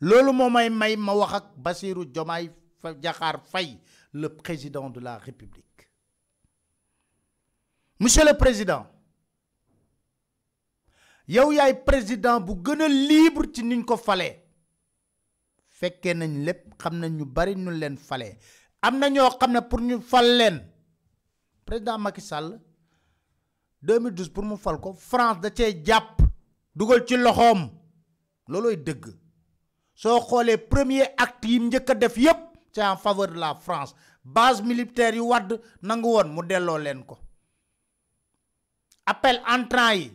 loolu moo may may ma wax ak Bassirou Diomaye jaxaar fay le président de la République monsieur le président yow yaay président bu gën a libre ci niñ ko fale fekkee nañ lépp xam na ñu bari nu leen fale am na ñoo xam ne pour ñu fal leen président Macky Sall 2012 pour mu fal ko France da cee jàpp dugal ci loxoom loolooy dëgg soo xoolee premier act yi njëkk a def yépp c'est en faveur de la France base militaire yu wadd nangu woon mu delloo leen ko appel entrant yi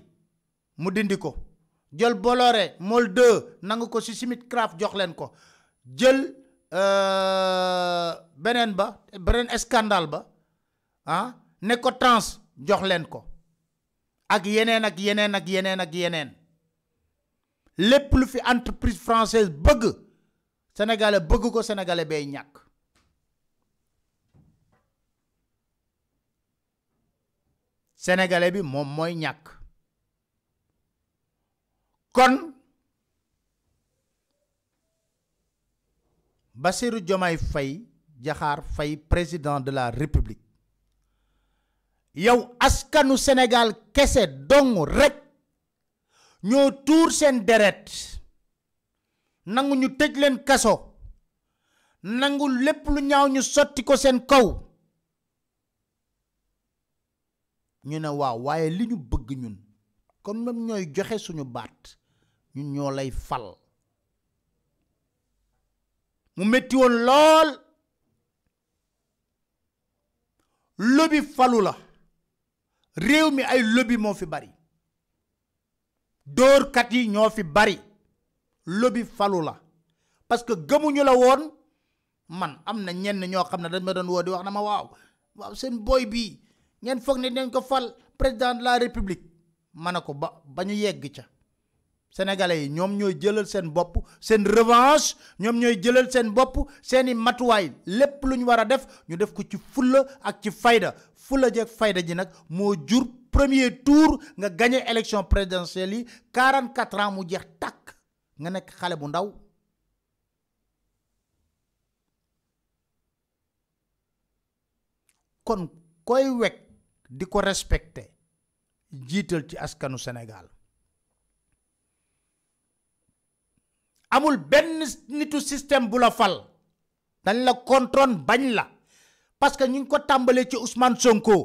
mu dindi ko jël Bolloré Môle nangu ko si ci Smithcraft jox leen ko jël euh, beneen ba beneen scandale ba ah ne ko trans jox leen ko ak yeneen ak yeneen ak yeneen ak yeneen lépp lu fi entreprise française bëgg sénégalais bëgg ko sénégalais bay ñàkk sénégalais bi moom mooy ñàkk kon Bassirou Diomaye fay Diakhar fay président de la république yow askanu Sénégal kese dong rek ñoo tuur seen deret nangu ñu tëj leen kaso nangu lépp lu ñaaw ñu sotti ko seen kaw ñu ne waaw waaye li ñu bëgg ñun kon ñoom ñooy joxe suñu baat ñu ñoo lay fal mu metti woon lool lobi falu la réew mi ay lobi moo fi bari dóorkat yi ñoo fi bari lobi falu la parce que gëmuñu la woon man am na ñenn ñoo xam ne dañ ma doon woo di wax na ma waaw waaw seen booy bii ngeen foog ne dañ ko fal président la république ma ne ko ba ba ñu yegg ca sénégalais yi ñoom ñooy jëlal seen bopp seen revanche ñoom ñooy jëlal seen bopp seeni matuwaay lépp lu ñu war a def ñu def ko ci fulla ak ci fayda fulla jeeg fayda ji nag moo jur premier tour nga gagné élection présidentielle yi 44 ans mu jeex tàkk nga nekk xale bu ndaw kon koy wekk di ko respecté jiital ci askanu Sénégal amul benn nitu système bu la fal dañ la contrôle bañ la parce que ñu ngi ko tàmbalee ci Ousmane Sonko.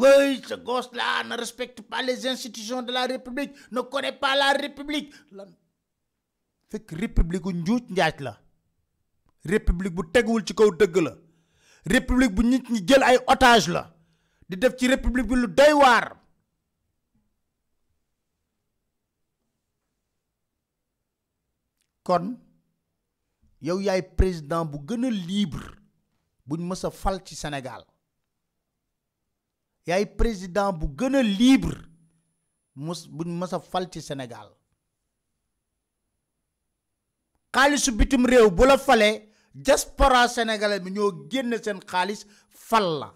oui ce gosse là ne respecte pas les institutions de la république ne connaît pas la république fekk république bu njuuj njaaj la république bu teguwul ci kaw dëgg la république bu nit ñi jël ay otage la di def ci république bi lu doy waar kon yow yaay président bu gën libre buñ mës a fal ci Sénégal yaay président bu gën a libre mus mës a fal ci Sénégal xaalisu bitim réew bu la falee diaspora sénégalais bi ñoo génn seen xaalis fal la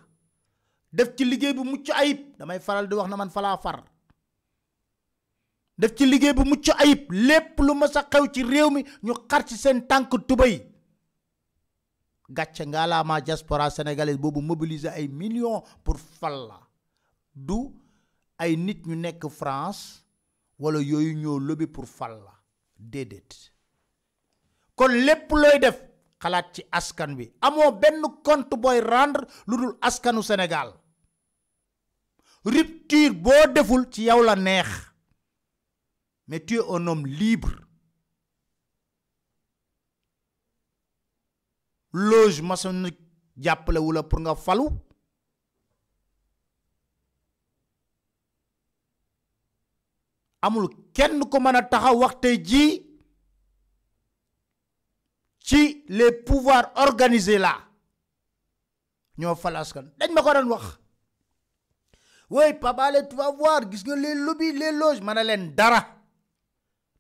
def ci liggéey bu mucc ayib damay faral di wax na man falaa far def ci liggéey bu mucc ayib lépp lu ma a xew ci réew mi ñu xar ci seen tànk tubéy gàcc nga laa sénégalaise boobu mobiliser ay million pour fal la du ay nit ñu nekk France wala yooyu ñoo lobby pour fal la déedéet kon lépp looy def xalaat ci askan wi amoo benn compte booy rendre lu dul askanu Sénégal rupture boo deful ci yow la neex mais tu es un homme libre loge maçonnique jàppalewu la pour nga falu amul kenn ko mën a taxaw wax tey jii ci les pouvoirs organiser la ñoo fal dañ ma ko doon wax oui Pape Alé tu vas gis nga leen lobbies les loges ma ne leen dara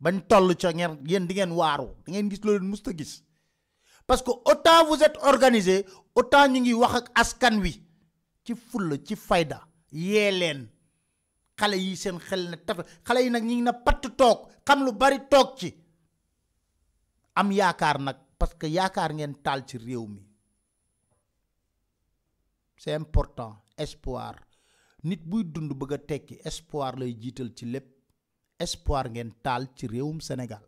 bañ toll ca ngeen yéen di ngeen waaru di ngeen gis loolu musta gis parce que autant vous êtes organisé autant ñu ngi wax ak askan wi ci fulla ci fayda yee leen xale yi seen xel na tafe xale yi nag ñu ngi na patt toog xam lu bari toog ci am yaakaar nag parce que yaakaar ngeen taal ci réew mi c'est important espoir nit buy dund bëgg a tekki espoir lay jiital ci lépp espoir ngeen taal ci réewum Sénégal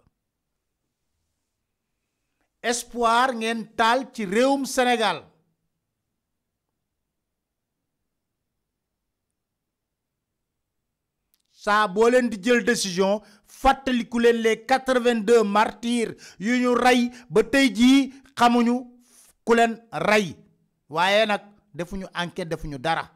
espoir ngeen taal ci réewum Sénégal saa boo leen di jël décision fàttaliku leen les quatre-vingt-deux martyrs yu ñu rey ba tey jii xamuñu ku leen rey waaye nag defuñu enquête defuñu dara